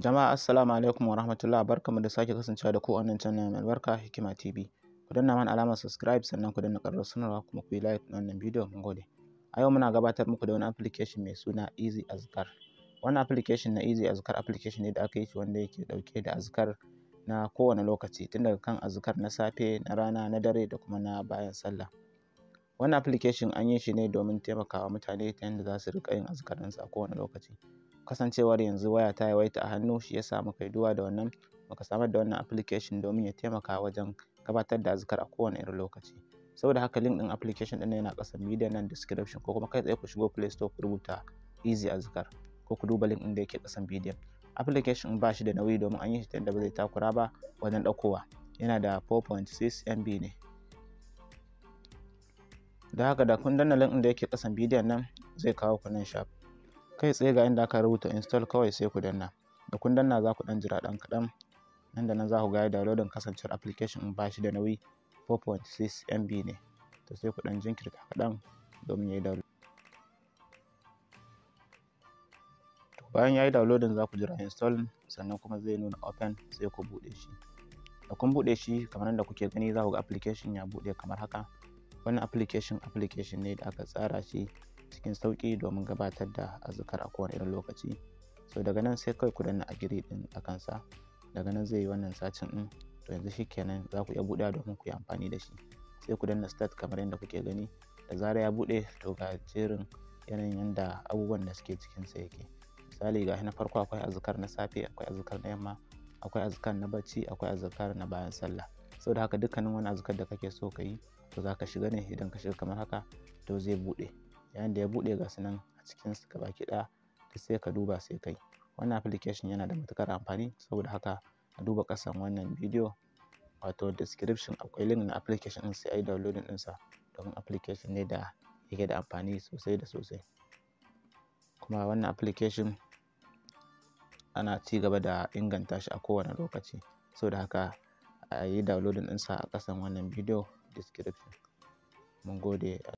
Jama'a assalamu alaikum wa rahmatullah barkamu da sake kasancewa da ku a wannan channel mai albarka Hikima TV. Ku danna mana alamar subscribe sannan ku danna ƙarar sanarwa kuma ku yi like na wannan bidiyo mun gode. A yau muna gabatar muku da wani application mai suna Easy Azkar. Wannan application na Easy Azkar application ne da aka yi shi wanda yake dauke da azkar na kowane lokaci tun daga kan azkar na safe, na rana, na dare da kuma na bayan sallah. Wannan application an yi shi ne domin taimakawa mutane ta yadda za su riƙa yin azkarinsu a kowane lokaci. Kasancewar yanzu waya ta yawaita a hannu shi ya sa muka yi duwa da wannan muka samar da wannan application domin ya taimaka wajen gabatar da azkar a kowane irin lokaci. Saboda haka link din application din yana ƙasan media nan description ko kuma kai tsaye ku shigo Play Store ku rubuta Easy Azkar ko ku duba link ɗin da yake ƙasan bidiyon. Application ba shi da nauyi domin an yi shi ta yadda ba zai takura ba wajen ɗaukowa. Yana da 4.6 MB ne. da haka da kun danna link da yake kasan bidiyon nan zai kawo ku nan shop kai tsaye ga inda aka rubuta install kawai sai ku danna da kun danna za ku dan jira dan kaɗan nan da nan za ku ga downloadin kasancewar application ba shi da nauyi 4.6 MB ne to sai ku dan jinkirta kaɗan domin ya yi download bayan yayi yi downloading za ku jira install sannan kuma zai nuna open sai ku buɗe shi da kun buɗe shi kamar yadda kuke gani za ku ga application ya buɗe kamar haka wani application application ne da aka tsara shi cikin sauƙi domin gabatar da azukar a kowane irin lokaci so daga nan sai kawai ku danna agiri din a kansa daga nan zai yi wannan sacin din to yanzu shi shikenan za ku iya buɗewa domin ku yi amfani da shi sai ku danna start kamar yadda kuke gani da zarar ya buɗe to ga jerin yanayin yadda abubuwan da suke cikin sa yake misali ga na farko akwai azukar na safe akwai azukar na yamma akwai azukar na bacci akwai azukar na bayan sallah saboda haka dukkanin wani azukar da kake so ka yi to za ka shiga ne idan ka shiga kamar haka to zai buɗe yayin da ya buɗe ga sunan a cikin su gaba ki ɗaya sai ka duba sai kai wannan application yana da matukar amfani saboda haka a duba kasan wannan bidiyo wato description akwai link na application ɗin sai a yi downloading sa domin application ne da yake da amfani sosai da sosai kuma wannan application ana ci gaba da inganta shi a kowane lokaci saboda haka a yi downloading ɗinsa a ƙasan wannan bidiyo description. Mun gode.